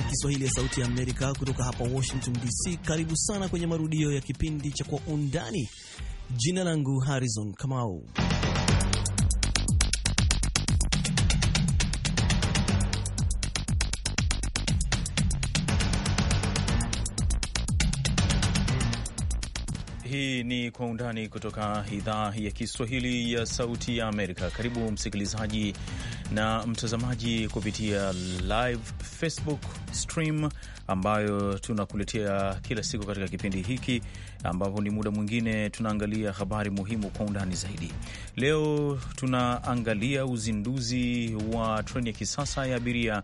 ya Kiswahili ya Sauti ya Amerika kutoka hapa Washington DC. Karibu sana kwenye marudio ya kipindi cha Kwa Undani. Jina langu Harrison Kamau. Hii ni Kwa Undani kutoka idhaa ya Kiswahili ya Sauti ya Amerika. Karibu msikilizaji na mtazamaji kupitia live Facebook stream ambayo tunakuletea kila siku katika kipindi hiki, ambapo ni muda mwingine tunaangalia habari muhimu kwa undani zaidi. Leo tunaangalia uzinduzi wa treni ya kisasa ya abiria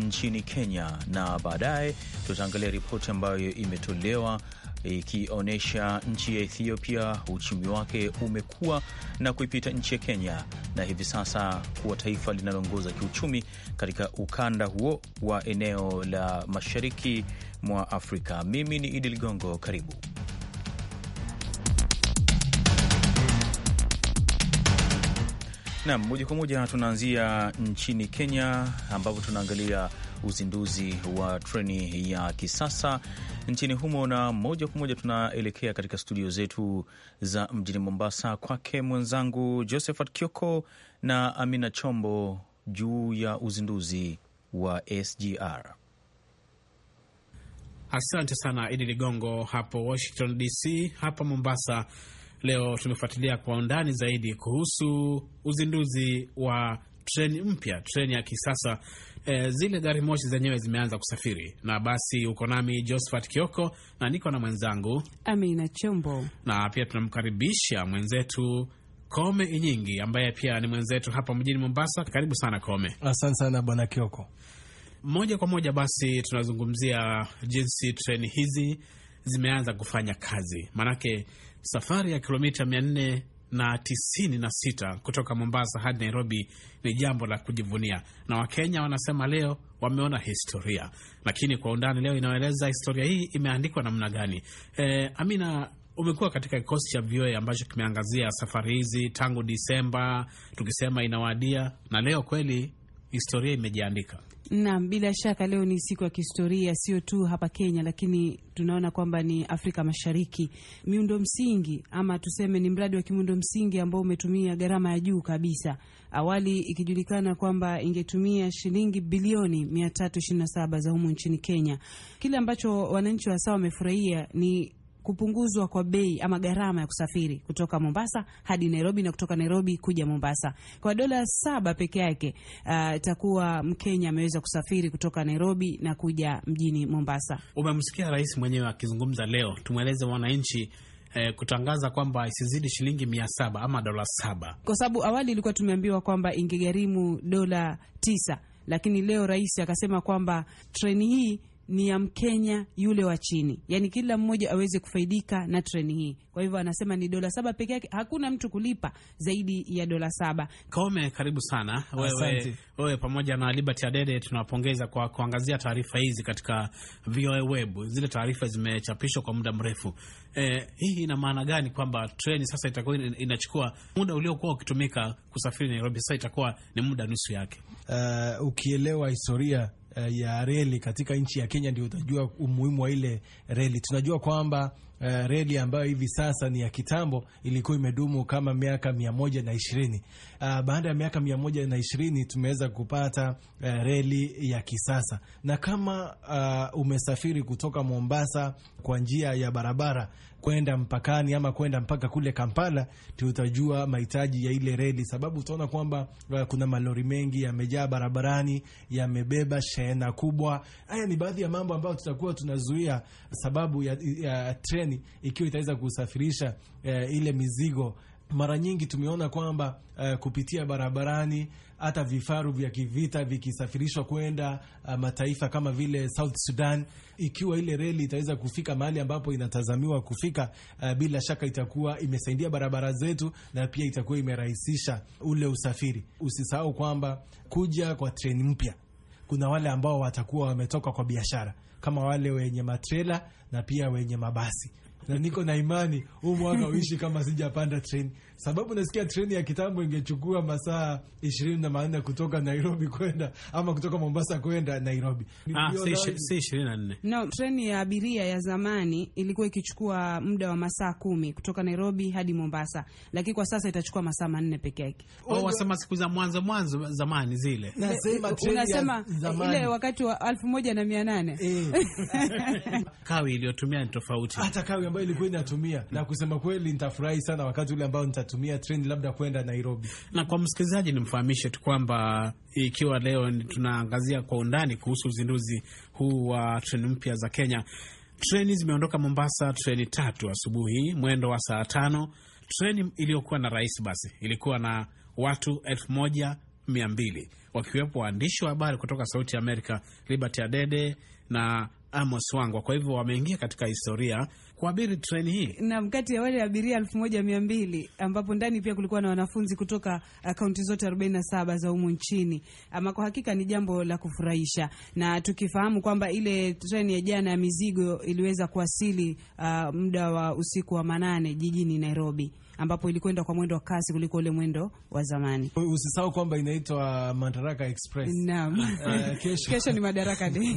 nchini Kenya, na baadaye tutaangalia ripoti ambayo imetolewa ikionyesha nchi ya Ethiopia uchumi wake umekuwa na kuipita nchi ya Kenya na hivi sasa kuwa taifa linaloongoza kiuchumi katika ukanda huo wa eneo la mashariki mwa Afrika. Mimi ni Idi Ligongo, karibu nam. Moja kwa moja tunaanzia nchini Kenya ambapo tunaangalia uzinduzi wa treni ya kisasa nchini humo. Na moja kwa moja tunaelekea katika studio zetu za mjini Mombasa, kwake mwenzangu Josephat Kioko na Amina Chombo juu ya uzinduzi wa SGR. Asante sana Idi Ligongo hapo Washington DC. Hapa Mombasa leo tumefuatilia kwa undani zaidi kuhusu uzinduzi wa treni mpya, treni ya kisasa. E, zile gari moshi zenyewe zimeanza kusafiri. Na basi uko nami Josephat Kioko na niko na mwenzangu Amina Chombo, na pia tunamkaribisha mwenzetu Kome Inyingi ambaye pia ni mwenzetu hapa mjini Mombasa. Karibu sana Kome. Asante sana bwana Kioko. Moja kwa moja basi tunazungumzia jinsi treni hizi zimeanza kufanya kazi, maanake safari ya kilomita mia nne na tisini na sita kutoka Mombasa hadi Nairobi ni jambo la kujivunia, na Wakenya wanasema leo wameona historia. Lakini kwa undani leo inaeleza historia hii imeandikwa namna gani? E, Amina umekuwa katika kikosi cha VOA ambacho kimeangazia safari hizi tangu Disemba, tukisema inawadia na leo kweli historia imejiandika. Naam, bila shaka leo ni siku ya kihistoria sio tu hapa Kenya, lakini tunaona kwamba ni Afrika Mashariki. Miundo msingi ama tuseme ni mradi wa kimiundo msingi ambao umetumia gharama ya juu kabisa, awali ikijulikana kwamba ingetumia shilingi bilioni 327 za humu nchini Kenya. Kile ambacho wananchi wa saa wamefurahia ni kupunguzwa kwa bei ama gharama ya kusafiri kutoka Mombasa hadi Nairobi na kutoka Nairobi kuja Mombasa. Kwa dola saba peke yake uh, itakuwa uh, Mkenya ameweza kusafiri kutoka Nairobi na kuja mjini Mombasa. Umemsikia rais mwenyewe akizungumza leo, tumweleze wananchi Eh, kutangaza kwamba isizidi shilingi mia saba ama dola saba kwa sababu awali ilikuwa tumeambiwa kwamba ingegharimu dola tisa, lakini leo rais akasema kwamba treni hii ni ya Mkenya yule wa chini, yaani kila mmoja aweze kufaidika na treni hii. Kwa hivyo anasema ni dola saba peke yake, hakuna mtu kulipa zaidi ya dola saba. Kome, karibu sana wewe, wewe pamoja na Liberty Adede, tunawapongeza kwa kuangazia taarifa hizi katika VOA Web. Zile taarifa zimechapishwa kwa muda mrefu. E, hii ina maana gani? Kwamba treni sasa itakuwa inachukua muda uliokuwa ukitumika kusafiri Nairobi, sasa itakuwa ni muda nusu yake. Uh, ukielewa historia uh, ya reli katika nchi ya Kenya ndio utajua umuhimu wa ile reli. Tunajua kwamba uh, reli ambayo hivi sasa ni ya kitambo ilikuwa imedumu kama miaka mia moja na ishirini. Uh, baada ya miaka mia moja na ishirini tumeweza kupata uh, reli ya kisasa, na kama uh, umesafiri kutoka Mombasa kwa njia ya barabara kwenda mpakani ama kwenda mpaka kule Kampala, tutajua mahitaji ya ile reli, sababu utaona kwamba uh, kuna malori mengi yamejaa barabarani, yamebeba shehena kubwa. Haya ni baadhi ya mambo ambayo tutakuwa tunazuia, sababu ya, ya treni ikiwa itaweza kusafirisha eh, ile mizigo mara nyingi tumeona kwamba uh, kupitia barabarani hata vifaru vya kivita vikisafirishwa kwenda uh, mataifa kama vile South Sudan, ikiwa ile reli itaweza kufika mahali ambapo inatazamiwa kufika, uh, bila shaka itakuwa imesaidia barabara zetu na pia itakuwa imerahisisha ule usafiri. Usisahau kwamba kuja kwa treni mpya, kuna wale ambao watakuwa wametoka kwa biashara kama wale wenye matrela na pia wenye mabasi na niko na imani huu mwaka uishi kama sijapanda treni sababu nasikia treni ya kitambo ingechukua masaa ishirini na manne kutoka Nairobi kwenda ama kutoka Mombasa kwenda Nairobi. Ah, si ishirini na nne. No, treni ya abiria ya zamani ilikuwa ikichukua muda wa masaa kumi kutoka Nairobi hadi Mombasa, lakini kwa sasa itachukua masaa manne peke yake. Oh, wasema siku za mwanzo mwanzo zamani zile. Nasema eh, treni unasema zamani. Ile wakati wa elfu moja na mia nane eh. kawi iliyotumia ni tofauti, hata kawi ambayo ilikuwa inatumia na kusema kweli, nitafurahi sana wakati ule ambao nitatumia watatumia treni labda kwenda Nairobi. Na kwa msikilizaji, nimfahamishe tu kwamba ikiwa leo tunaangazia kwa undani kuhusu uzinduzi huu wa treni mpya za Kenya, treni zimeondoka Mombasa, treni tatu asubuhi mwendo wa saa tano. Treni iliyokuwa na rais basi ilikuwa na watu elfu moja mia mbili wakiwepo waandishi wa habari kutoka Sauti ya Amerika, Liberty Adede na Amos Wangwa. Kwa hivyo wameingia katika historia kuabiri treni hii nam kati ya wale abiria elfu moja mia mbili ambapo ndani pia kulikuwa na wanafunzi kutoka eh, kaunti zote 47 za humu nchini. Ama kwa hakika ni jambo la kufurahisha, na tukifahamu kwamba ile treni ya jana ya mizigo iliweza kuwasili uh, muda wa usiku wa manane jijini Nairobi ambapo ilikwenda kwa mwendo wa kasi kuliko ule mwendo wa zamani. Usisahau kwamba inaitwa Madaraka Express. Naam. Uh, kesho. Kesho ni Madaraka Day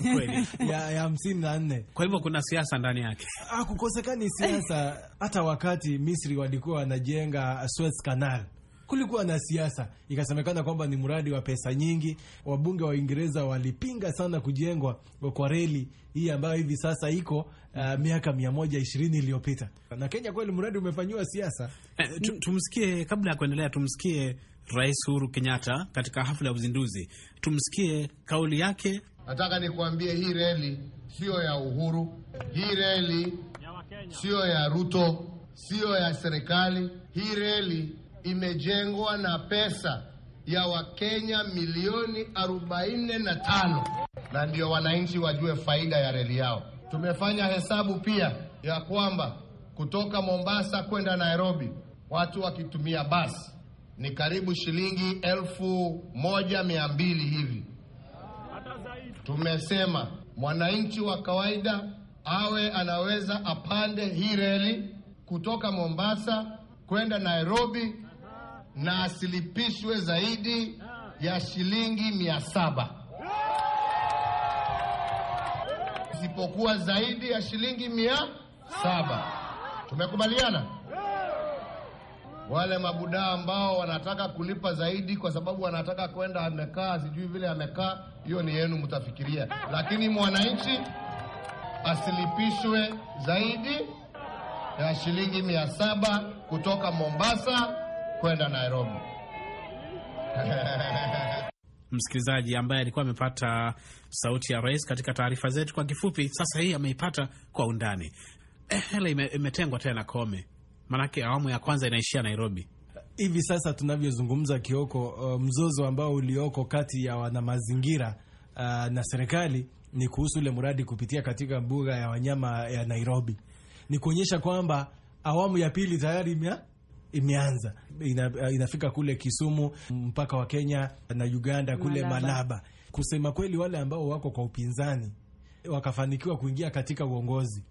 ya hamsini na nne. Kwa hivyo kuna siasa ndani yake. Ah, kukosekani siasa hata wakati Misri walikuwa wanajenga Suez Canal kulikuwa na siasa, ikasemekana kwamba ni mradi wa pesa nyingi. Wabunge wa Uingereza walipinga sana kujengwa kwa reli hii ambayo hivi sasa iko uh, miaka mia moja ishirini iliyopita. Na Kenya kweli mradi umefanyiwa siasa. E, tumsikie kabla ya kuendelea, tumsikie Rais Uhuru Kenyatta katika hafla ya uzinduzi, tumsikie kauli yake. Nataka nikuambie hii reli sio ya Uhuru, hii reli sio ya Ruto, sio ya serikali, hii reli imejengwa na pesa ya Wakenya milioni 45, na ndio wananchi wajue faida ya reli yao. Tumefanya hesabu pia ya kwamba kutoka Mombasa kwenda Nairobi, watu wakitumia basi ni karibu shilingi elfu moja mia mbili hivi. Tumesema mwananchi wa kawaida awe anaweza apande hii reli kutoka Mombasa kwenda Nairobi na asilipishwe zaidi ya shilingi mia saba isipokuwa zaidi ya shilingi mia saba. Tumekubaliana? Wale mabudaa ambao wanataka kulipa zaidi kwa sababu wanataka kwenda, amekaa sijui vile amekaa, hiyo ni yenu, mtafikiria. Lakini mwananchi asilipishwe zaidi ya shilingi mia saba kutoka Mombasa kwenda Nairobi. Msikilizaji ambaye alikuwa amepata sauti ya rais katika taarifa zetu kwa kifupi, sasa hii ameipata kwa undani. Eh, hela imetengwa tena Kome, maanake awamu ya kwanza inaishia Nairobi. Hivi sasa tunavyozungumza, Kioko, uh, mzozo ambao ulioko kati ya wanamazingira uh, na serikali ni kuhusu ule mradi kupitia katika mbuga ya wanyama ya Nairobi, ni kuonyesha kwamba awamu ya pili tayari imeanza ina, inafika kule Kisumu, mpaka wa Kenya na Uganda kule Malaba, Malaba. Kusema kweli, wale ambao wako kwa upinzani wakafanikiwa kuingia katika uongozi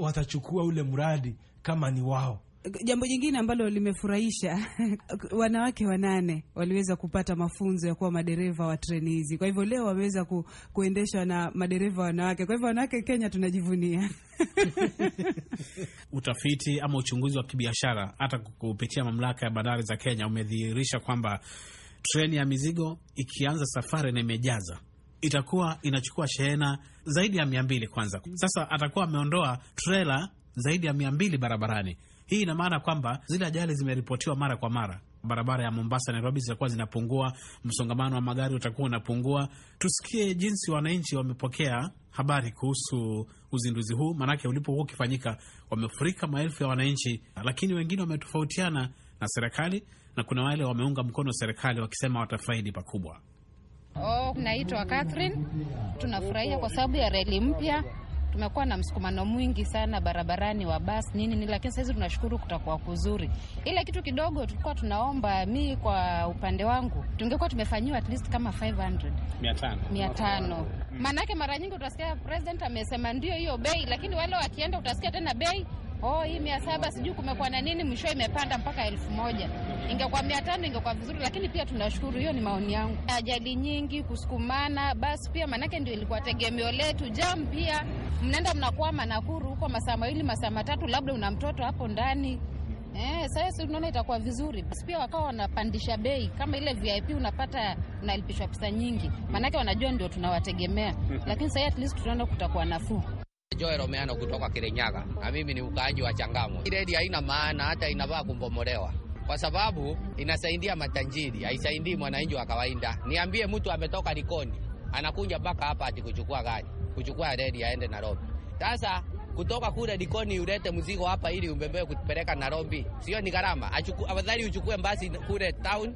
watachukua ule mradi kama ni wao Jambo jingine ambalo limefurahisha wanawake wanane waliweza kupata mafunzo ya kuwa madereva wa treni hizi. Kwa hivyo leo wameweza ku, kuendeshwa na madereva wanawake. Kwa hivyo wanawake Kenya tunajivunia. Utafiti ama uchunguzi wa kibiashara hata kupitia mamlaka ya bandari za Kenya umedhihirisha kwamba treni ya mizigo ikianza safari na imejaza itakuwa inachukua shehena zaidi ya mia mbili kwanza. Sasa atakuwa ameondoa trela zaidi ya mia mbili barabarani hii ina maana kwamba zile ajali zimeripotiwa mara kwa mara barabara ya Mombasa Nairobi zitakuwa zinapungua, msongamano wa magari utakuwa unapungua. Tusikie jinsi wananchi wamepokea habari kuhusu uzinduzi huu, maanake ulipokuwa ukifanyika wamefurika maelfu ya wananchi, lakini wengine wametofautiana na serikali na kuna wale wameunga mkono serikali wakisema watafaidi pakubwa. Oh, naitwa Catherine. Tunafurahia kwa sababu ya reli mpya tumekuwa na msukumano mwingi sana barabarani wa bas nini ni, lakini sahizi tunashukuru kutakuwa kuzuri. Ile kitu kidogo tulikuwa tunaomba, mi kwa upande wangu tungekuwa tumefanyiwa at least kama 500 mia tano, maanake mara nyingi utasikia president amesema ndio hiyo bei, lakini wale wakienda utasikia tena bei oh, hii mia saba sijui kumekuwa na nini, mwisho imepanda mpaka elfu moja. Ingekuwa mia tano ingekuwa vizuri, lakini pia tunashukuru. Hiyo ni maoni yangu. Ajali nyingi, kusukumana basi pia, maanake ndio ilikuwa tegemeo letu. Jam pia mnaenda mnakwama Nakuru huko masaa mawili masaa matatu, labda una mtoto hapo ndani Eh, sasa unaona itakuwa vizuri. Basi pia wakawa wanapandisha bei kama ile VIP unapata unalipishwa pesa nyingi. Maanake wanajua ndio tunawategemea. Lakini sasa at least tunaona kutakuwa nafuu. Joel Omeano kutoka Kirinyaga, na mimi ni ukaaji wa Changamwe. Hii redi haina maana, hata inavaa kumbomolewa kwa sababu inasaidia matanjiri, haisaidii mwananchi wa kawaida. Niambie, mtu ametoka Likoni anakuja mpaka hapa ati kuchukua gari, kuchukua redi aende Nairobi. Sasa kutoka kule Likoni ulete mzigo hapa ili umbebe kupeleka Nairobi, sio ni gharama? Afadhali uchukue basi kule town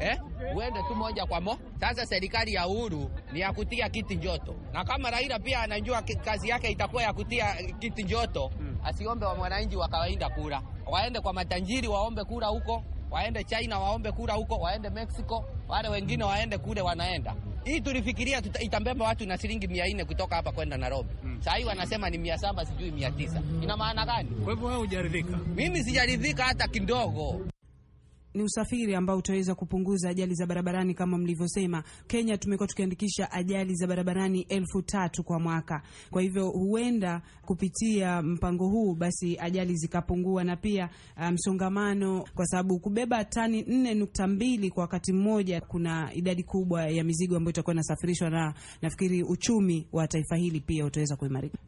eh? Uende tu moja kwa mo. Sasa serikali ya uhuru ni ya kutia kiti njoto na kama Raila pia anajua kazi yake itakuwa ya kutia kiti njoto hmm. asiombe wa mwananchi wa kawaida kura, waende kwa matanjiri waombe kura huko, waende China waombe kura huko, waende Mexico, wale wengine hmm. waende kule, wanaenda hii tulifikiria itambemba watu na shilingi mia nne kutoka hapa kwenda Nairobi. Hmm. Saa hii wanasema ni mia saba sijui mia tisa. Ina maana gani? Kwa hivyo wewe hujaridhika? Mimi sijaridhika hata kidogo ni usafiri ambao utaweza kupunguza ajali za barabarani kama mlivyosema. Kenya tumekuwa tukiandikisha ajali za barabarani elfu tatu kwa mwaka. Kwa hivyo huenda kupitia mpango huu basi ajali zikapungua na pia uh, msongamano, um, kwa sababu kubeba tani mbili kwa wakati mmoja, kuna idadi kubwa ya mizigo ambayo itakuwa inasafirishwa, na nafikiri uchumi wa taifa hili pia utaweza kuimarika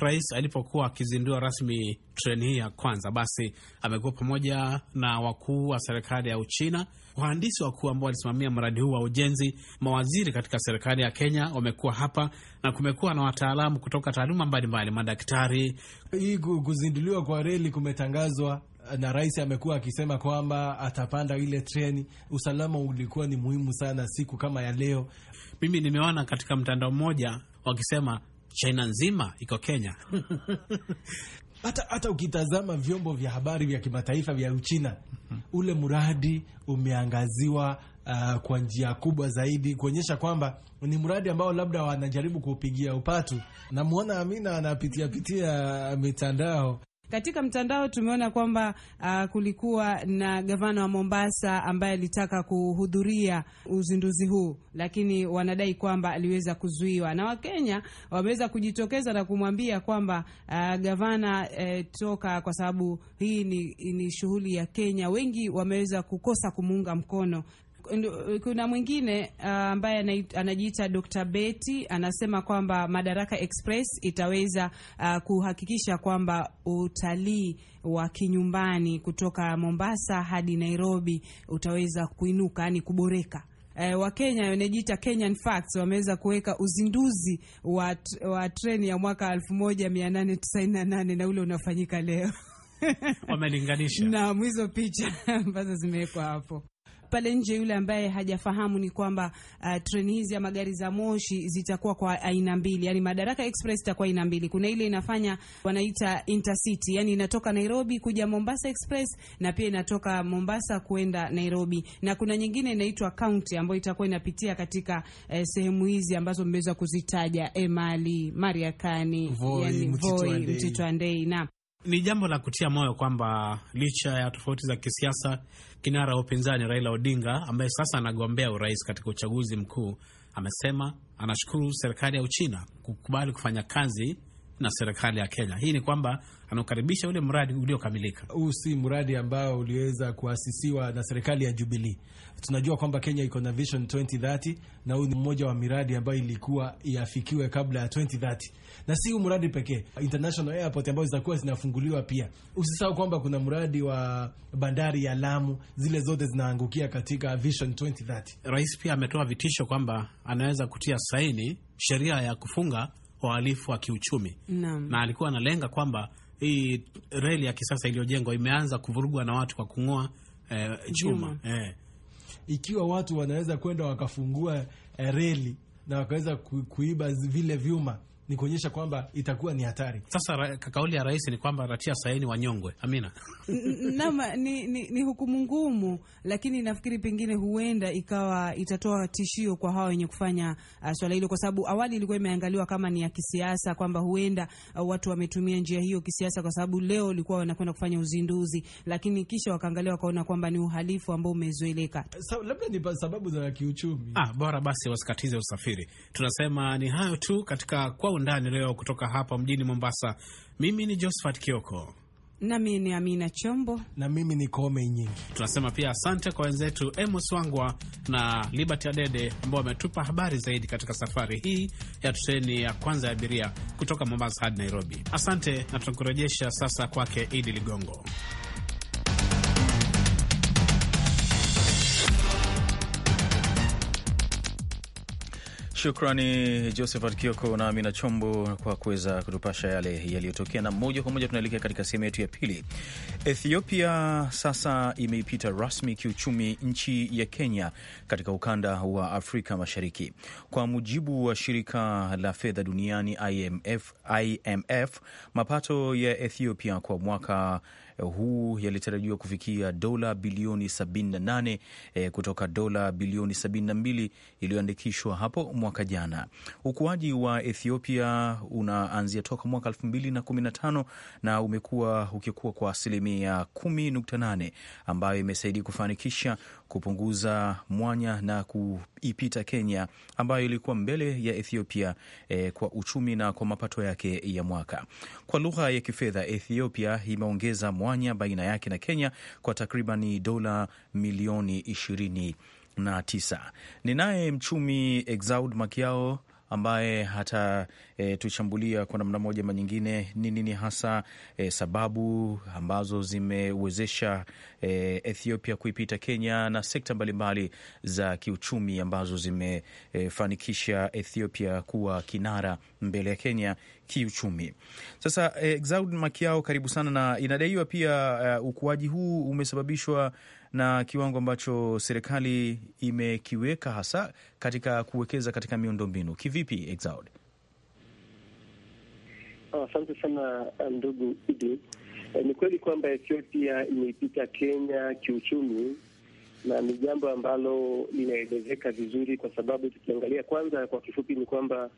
rais alipokuwa akizindua rasmi treni hii ya kwanza, basi amekuwa pamoja na wakuu wa serikali ya Uchina, wahandisi wakuu ambao walisimamia mradi huu wa ujenzi, mawaziri katika serikali ya Kenya wamekuwa hapa, na kumekuwa na wataalamu kutoka taaluma mbalimbali, madaktari. Hii kuzinduliwa kwa reli kumetangazwa na rais amekuwa akisema kwamba atapanda ile treni. Usalama ulikuwa ni muhimu sana siku kama ya leo. Mimi nimeona katika mtandao mmoja wakisema China nzima iko Kenya. hata hata ukitazama vyombo vya habari vya kimataifa vya Uchina, ule mradi umeangaziwa uh, kwa njia kubwa zaidi kuonyesha kwamba ni mradi ambao labda wanajaribu kuupigia upatu. Namwona Amina anapitiapitia uh, mitandao katika mtandao tumeona kwamba uh, kulikuwa na gavana wa Mombasa ambaye alitaka kuhudhuria uzinduzi huu, lakini wanadai kwamba aliweza kuzuiwa, na Wakenya wameweza kujitokeza na kumwambia kwamba uh, gavana, uh, toka, kwa sababu hii ni, ni shughuli ya Kenya. Wengi wameweza kukosa kumuunga mkono kuna mwingine uh, ambaye uh, anajiita Dr. Betty anasema kwamba Madaraka Express itaweza uh, kuhakikisha kwamba utalii wa kinyumbani kutoka Mombasa hadi Nairobi utaweza kuinuka, yani kuboreka. Eh, Wakenya wanajiita Kenyan Facts wameweza kuweka uzinduzi wa, wa treni ya mwaka 1898 na ule unafanyika leo. Wamelinganisha naam, hizo picha ambazo zimewekwa hapo pale nje. Yule ambaye hajafahamu ni kwamba uh, treni hizi ya magari za moshi zitakuwa kwa aina mbili, yani Madaraka Express itakuwa aina mbili. Kuna ile inafanya wanaita intercity, yani inatoka Nairobi kuja Mombasa Express, na pia inatoka Mombasa kwenda Nairobi, na kuna nyingine inaitwa county ambayo itakuwa inapitia katika eh, sehemu hizi ambazo mmeweza kuzitaja Emali, Mariakani, Voi, yani, Mtito Andei na ni jambo la kutia moyo kwamba licha ya tofauti za kisiasa, kinara wa upinzani Raila Odinga ambaye sasa anagombea urais katika uchaguzi mkuu amesema anashukuru serikali ya Uchina kukubali kufanya kazi na serikali ya Kenya. Hii ni kwamba anaokaribisha ule mradi uliokamilika. Huu si mradi ambao uliweza kuasisiwa na serikali ya Jubilee. Tunajua kwamba Kenya iko na Vision 2030 na huu ni mmoja wa miradi ambayo ilikuwa iafikiwe kabla ya 2030, na si huu mradi pekee, international airport ambayo zitakuwa zinafunguliwa pia. Usisahau kwamba kuna mradi wa bandari ya Lamu, zile zote zinaangukia katika Vision 2030. Rais pia ametoa vitisho kwamba anaweza kutia saini sheria ya kufunga uhalifu wa kiuchumi na, na alikuwa analenga kwamba hii reli ya kisasa iliyojengwa imeanza kuvurugwa na watu kwa kung'oa eh, chuma eh. Ikiwa watu wanaweza kwenda wakafungua eh, reli na wakaweza kuiba vile vyuma ni kuonyesha kwamba itakuwa ni hatari. Sasa kauli ya rais ni kwamba ratia saini wanyongwe. Amina, nama ni, ni, ni hukumu ngumu, lakini nafikiri pengine huenda ikawa itatoa tishio kwa hawa wenye kufanya uh, swala hilo, kwa sababu awali ilikuwa imeangaliwa kama ni ya kisiasa, kwamba huenda uh, watu wametumia njia hiyo kisiasa, kwa sababu leo ilikuwa wanakwenda kufanya uzinduzi, lakini kisha wakaangalia wakaona kwamba ni uhalifu ambao umezoeleka, labda ni sababu za kiuchumi. Ah, bora basi wasikatize usafiri. Tunasema ni hayo tu katika kwa undani leo kutoka hapa mjini Mombasa. Mimi ni Josephat Kioko, nami ni Amina Chombo, na mimi ni Kome Nyingi. Tunasema pia asante kwa wenzetu Emus Wangwa na Liberty Adede ambao wametupa habari zaidi katika safari hii ya treni ya kwanza ya abiria kutoka Mombasa hadi Nairobi. Asante, na tunakurejesha sasa kwake Idi Ligongo. Shukrani Josephat Kioko na Amina Chombo kwa kuweza kutupasha yale yaliyotokea, na moja kwa moja tunaelekea katika sehemu yetu ya pili. Ethiopia sasa imeipita rasmi kiuchumi nchi ya Kenya katika ukanda wa Afrika Mashariki. Kwa mujibu wa shirika la fedha duniani IMF, IMF mapato ya Ethiopia kwa mwaka huu yalitarajiwa kufikia dola bilioni 78 e, eh, kutoka dola bilioni 72 iliyoandikishwa hapo mwaka jana. Ukuaji wa Ethiopia unaanzia toka mwaka 2015 na umekuwa ukikua kwa asilimia 10.8 ambayo imesaidia kufanikisha kupunguza mwanya na kuipita Kenya ambayo ilikuwa mbele ya Ethiopia eh, kwa uchumi na kwa mapato yake ya mwaka. Kwa lugha ya kifedha, Ethiopia imeongeza kugawanya baina yake na Kenya kwa takriban dola milioni ishirini na tisa. Ni naye mchumi Exaud Makiao ambaye hata e, kwa namna moja ama nyingine ni nini hasa e, sababu ambazo zimewezesha e, Ethiopia kuipita Kenya na sekta mbalimbali za kiuchumi ambazo zimefanikisha e, Ethiopia kuwa kinara mbele ya Kenya kiuchumi. Sasa e, Exaud Makiao, karibu sana. Na inadaiwa pia e, ukuaji huu umesababishwa na kiwango ambacho serikali imekiweka hasa katika kuwekeza katika miundombinu. Kivipi Exaud? Oh, asante oh, sana uh, ndugu Idi. E, ni kweli kwamba Ethiopia imeipita Kenya kiuchumi na ni jambo ambalo linaelezeka vizuri, kwa sababu tukiangalia kwanza, kwa kifupi, ni kwamba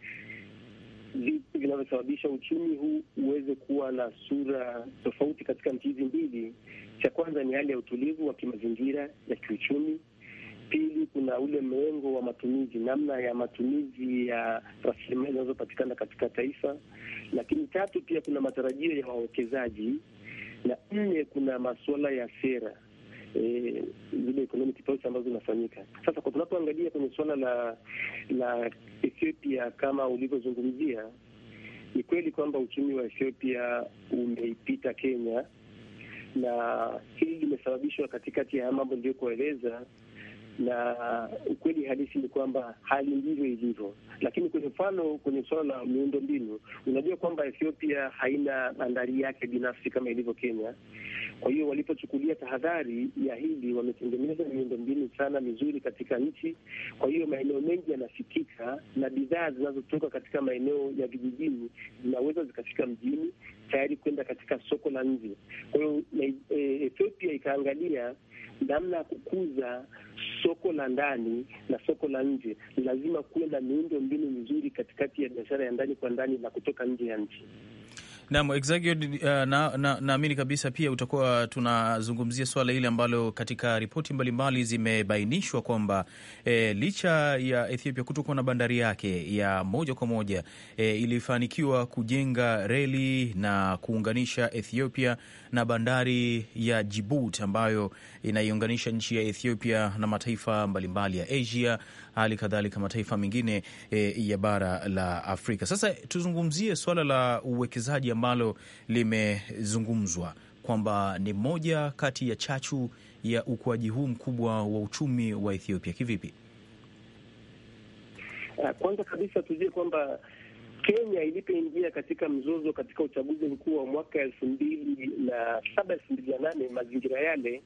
vitu vinavyosababisha uchumi huu uweze kuwa na sura tofauti katika nchi hizi mbili. Cha kwanza ni hali ya utulivu wa kimazingira ya kiuchumi. Pili, kuna ule mrengo wa matumizi, namna ya matumizi ya rasilimali zinazopatikana katika taifa. Lakini tatu, pia kuna matarajio ya wawekezaji, na nne, kuna masuala ya sera Eh, zile economic policy ambazo zinafanyika sasa. Kwa tunapoangalia kwenye suala la la Ethiopia kama ulivyozungumzia, ni kweli kwamba uchumi wa Ethiopia umeipita Kenya, na hili limesababishwa katikati ya mambo niliyokueleza na ukweli halisi ni kwamba hali ndivyo ilivyo. Lakini kwenye mfano, kwenye suala la miundo mbinu, unajua kwamba Ethiopia haina bandari yake binafsi kama ilivyo Kenya. Kwa hiyo walipochukulia tahadhari ya hili, wametengeneza miundo mbinu sana mizuri katika nchi. Kwa hiyo maeneo mengi yanafikika na bidhaa zinazotoka katika maeneo ya vijijini zinaweza zikafika mjini tayari kwenda katika soko la nje. Kwa hiyo e, Ethiopia ikaangalia namna ya kukuza soko la ndani na soko la nje. Ni lazima kuwe na miundo mbinu mizuri katikati ya biashara ya ndani kwa ndani na kutoka nje ya nchi. Naam, naamini uh, na, na, kabisa pia utakuwa tunazungumzia swala hili ambalo katika ripoti mbalimbali zimebainishwa kwamba e, licha ya Ethiopia kutokuwa na bandari yake ya moja kwa moja e, ilifanikiwa kujenga reli na kuunganisha Ethiopia na bandari ya Djibouti ambayo inaiunganisha nchi ya Ethiopia na mataifa mbalimbali ya Asia, hali kadhalika mataifa mengine e, ya bara la Afrika. Sasa tuzungumzie suala la uwekezaji ambalo limezungumzwa kwamba ni moja kati ya chachu ya ukuaji huu mkubwa wa uchumi wa Ethiopia. Kivipi? Eh, kwanza kabisa tujue kwamba Kenya ilipoingia katika mzozo katika uchaguzi mkuu wa mwaka elfu mbili na saba elfu mbili na nane mazingira yale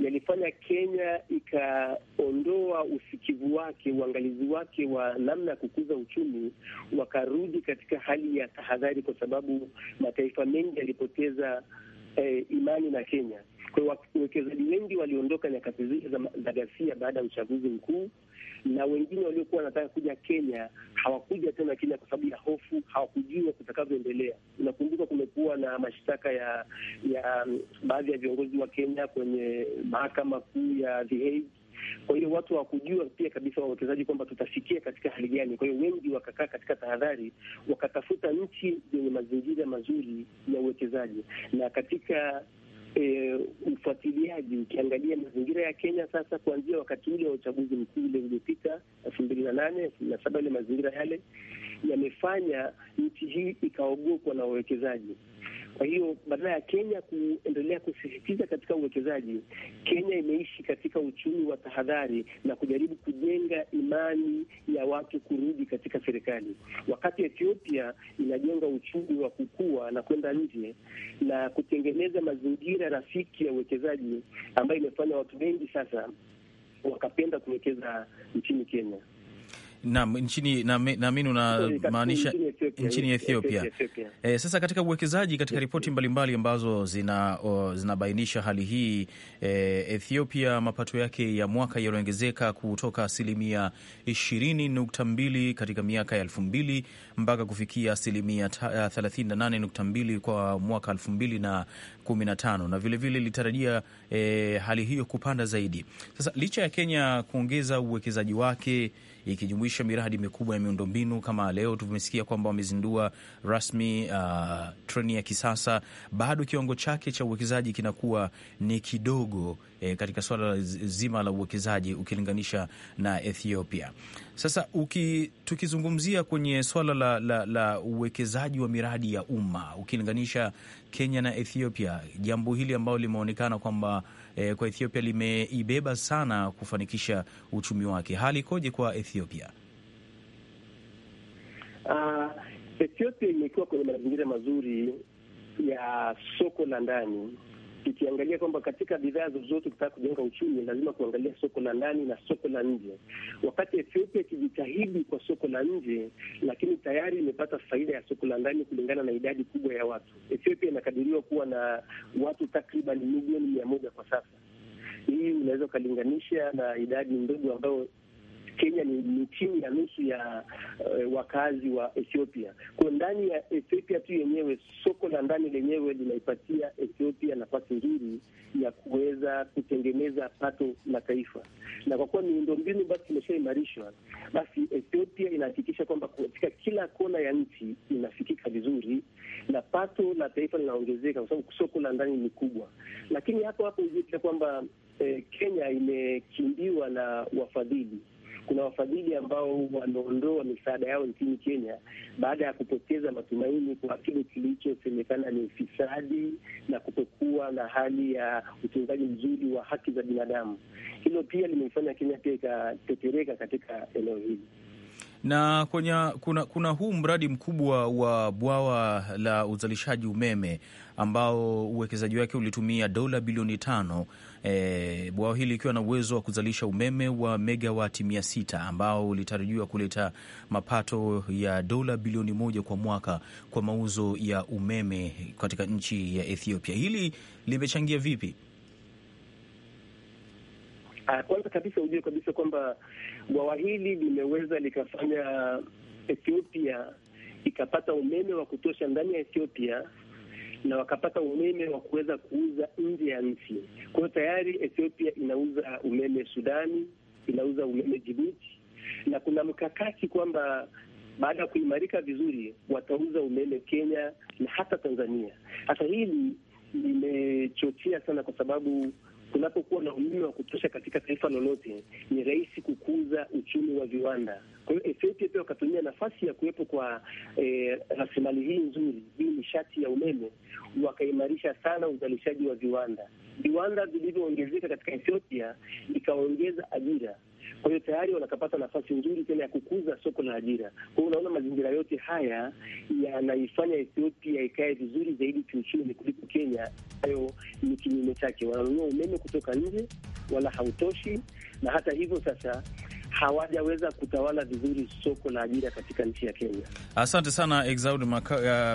yalifanya Kenya ikaondoa usikivu wake, uangalizi wake wa namna ya kukuza uchumi, wakarudi katika hali ya tahadhari, kwa sababu mataifa mengi yalipoteza eh, imani na Kenya. Kwa hiyo wawekezaji wengi waliondoka nyakati zile za ghasia baada ya uchaguzi mkuu, na wengine waliokuwa wanataka kuja Kenya hawakuja tena Kenya kwa sababu ya hofu, hawakujua kutakavyoendelea. Unakumbuka kumekuwa na mashtaka ya ya mm, baadhi ya viongozi wa Kenya kwenye mahakama kuu ya The Hague kwa hiyo watu hawakujua pia kabisa wawekezaji kwamba tutafikia katika hali gani. Kwa hiyo wengi wakakaa katika tahadhari, wakatafuta nchi zenye mazingira mazuri ya uwekezaji na katika E, ufuatiliaji ukiangalia mazingira ya Kenya sasa, kuanzia wakati ule wa uchaguzi mkuu ule uliopita elfu mbili na nane elfu mbili na saba ile mazingira yale yamefanya nchi hii ikaogopwa na wawekezaji. Kwa hiyo badala ya Kenya kuendelea kusisitiza katika uwekezaji, Kenya imeishi katika uchumi wa tahadhari na kujaribu kujenga imani ya watu kurudi katika serikali, wakati Ethiopia inajenga uchumi wa kukua na kwenda nje na kutengeneza mazingira rafiki ya uwekezaji ambayo imefanya watu wengi sasa wakapenda kuwekeza nchini Kenya nam nchini naamini unamaanisha nchini Ethiopia. Ethiopia. Eh, sasa katika uwekezaji katika ripoti mbalimbali ambazo zina zinabainisha hali hii e, Ethiopia mapato yake ya mwaka yaliongezeka kutoka asilimia 20.2 katika miaka ya 2000 mpaka kufikia asilimia 38.2 eh, kwa mwaka 2015 na na vilevile ilitarajia e, hali hiyo kupanda zaidi. Sasa licha ya Kenya kuongeza uwekezaji wake ikijumuisha miradi mikubwa ya miundombinu kama leo tumesikia kwamba wamezindua rasmi uh, treni ya kisasa, bado kiwango chake cha uwekezaji kinakuwa ni kidogo eh, katika swala zima la uwekezaji ukilinganisha na Ethiopia. Sasa uki, tukizungumzia kwenye swala la, la, la uwekezaji wa miradi ya umma ukilinganisha Kenya na Ethiopia, jambo hili ambalo limeonekana kwamba eh, kwa Ethiopia limeibeba sana kufanikisha uchumi wake. Hali ikoje kwa Ethiopia? Uh, Ethiopia imekuwa kwenye mazingira mazuri ya soko la ndani tukiangalia kwamba katika bidhaa zozote kutaka kujenga uchumi lazima kuangalia soko la ndani na soko la nje. Wakati Ethiopia ikijitahidi kwa soko la nje, lakini tayari imepata faida ya soko la ndani kulingana na idadi kubwa ya watu. Ethiopia inakadiriwa kuwa na watu takriban milioni mia moja kwa sasa. Hii unaweza ukalinganisha na idadi ndogo ambayo Kenya ni, ni chini ya nusu ya uh, eh, wakazi wa Ethiopia. Kwa ndani ya Ethiopia tu yenyewe, soko la ndani lenyewe linaipatia Ethiopia nafasi nzuri ya kuweza kutengeneza pato la taifa, na kwa kuwa miundombinu basi imeshaimarishwa, basi Ethiopia inahakikisha kwamba katika kila kona ya nchi inafikika vizuri na pato la taifa linaongezeka, kwa sababu soko la ndani ni kubwa. Lakini hapo hapo kwamba eh, Kenya imekimbiwa na wafadhili kuna wafadhili ambao wameondoa misaada yao nchini Kenya baada ya kupoteza matumaini kwa kile kilichosemekana ni ufisadi na kutokuwa na hali ya utunzaji mzuri wa haki za binadamu. Hilo pia limeifanya Kenya pia ikatetereka katika eneo hili na kwenye, kuna, kuna huu mradi mkubwa wa bwawa la uzalishaji umeme ambao uwekezaji wake ulitumia dola bilioni tano E, bwawa hili likiwa na uwezo wa kuzalisha umeme wa megawati mia sita ambao ulitarajiwa kuleta mapato ya dola bilioni moja kwa mwaka kwa mauzo ya umeme katika nchi ya Ethiopia. Hili limechangia vipi? Ah, kwanza kabisa hujue kabisa kwamba bwawa hili limeweza likafanya Ethiopia ikapata umeme wa kutosha ndani ya Ethiopia na wakapata umeme wa kuweza kuuza nje ya nchi. Kwa hiyo tayari Ethiopia inauza umeme Sudani, inauza umeme Jibuti, na kuna mkakati kwamba baada ya kuimarika vizuri watauza umeme Kenya na hata Tanzania. Hata hili limechochea sana, kwa sababu kunapokuwa na umeme wa kutosha katika taifa lolote, ni rahisi kukuza uchumi wa viwanda. Kwa hiyo Ethiopia pia wakatumia nafasi ya kuwepo kwa eh, rasilimali hii nzuri, hii nishati ya umeme, wakaimarisha sana uzalishaji wa viwanda. Viwanda vilivyoongezeka katika Ethiopia ikaongeza ajira kwa hiyo tayari wanakapata nafasi nzuri tena ya kukuza soko la ajira. Kwa hiyo unaona mazingira yote haya yanaifanya Ethiopia ikae vizuri zaidi kiuchumi kuliko Kenya, ambayo ni kinyume chake. Wananunua umeme kutoka nje, wala hautoshi, na hata hivyo sasa hawajaweza kutawala vizuri soko la ajira katika nchi ya Kenya. Asante sana Exaud uh,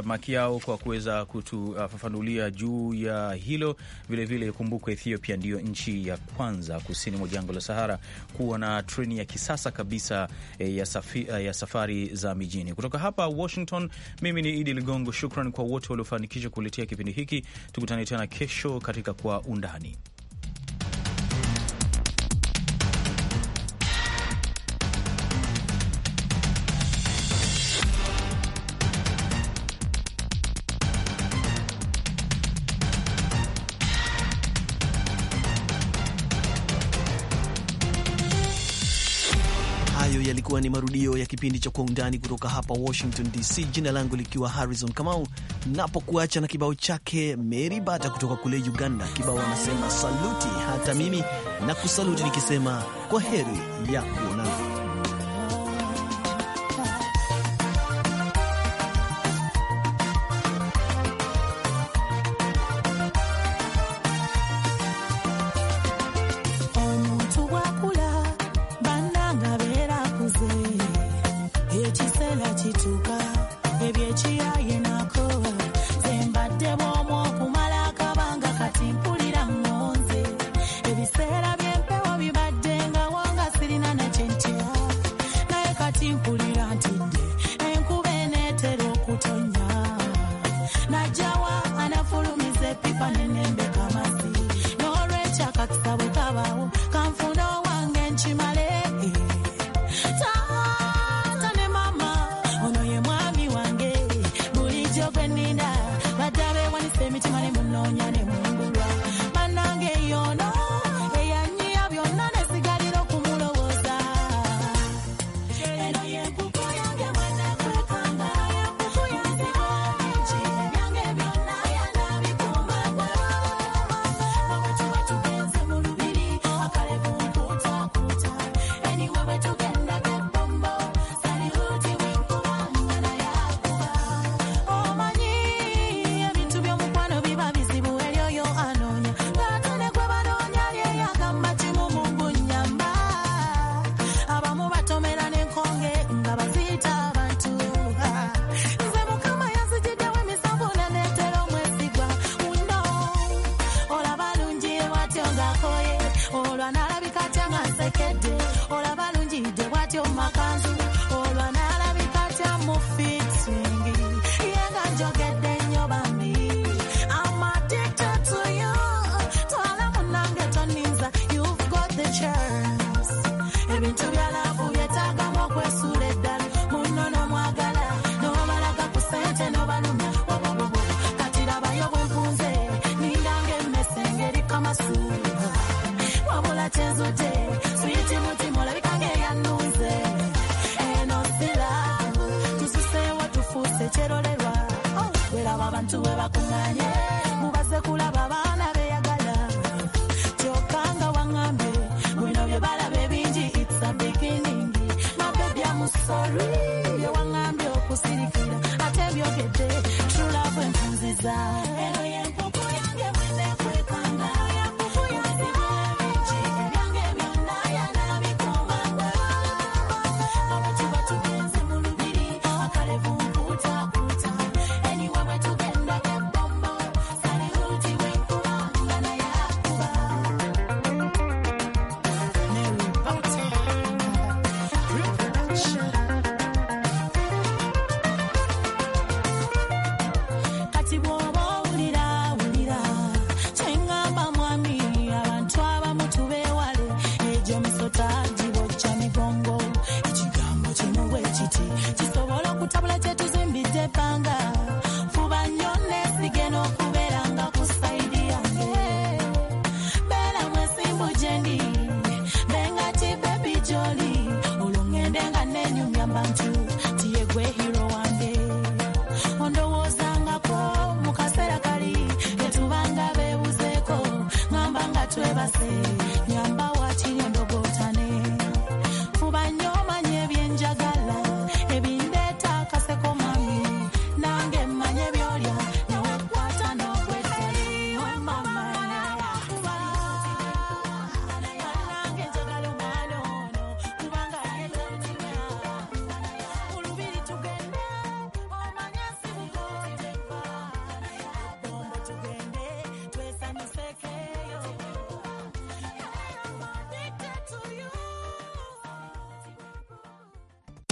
Makiao kwa kuweza kutufafanulia juu ya hilo. Vilevile kumbuka, Ethiopia ndiyo nchi ya kwanza kusini mwa jangwa la Sahara kuwa na treni ya kisasa kabisa eh, ya, safi, uh, ya safari za mijini. Kutoka hapa Washington, mimi ni Idi Ligongo. Shukran kwa wote waliofanikisha kuletea kipindi hiki. Tukutane tena kesho katika Kwa Undani. ilikuwa ni marudio ya kipindi cha Kwa Undani kutoka hapa Washington DC, jina langu likiwa Harrison Kamau, napokuacha na kibao chake Mary Bata kutoka kule Uganda. Kibao anasema saluti, hata mimi na kusaluti nikisema kwa heri ya kuonana. mpulira nti goodbye.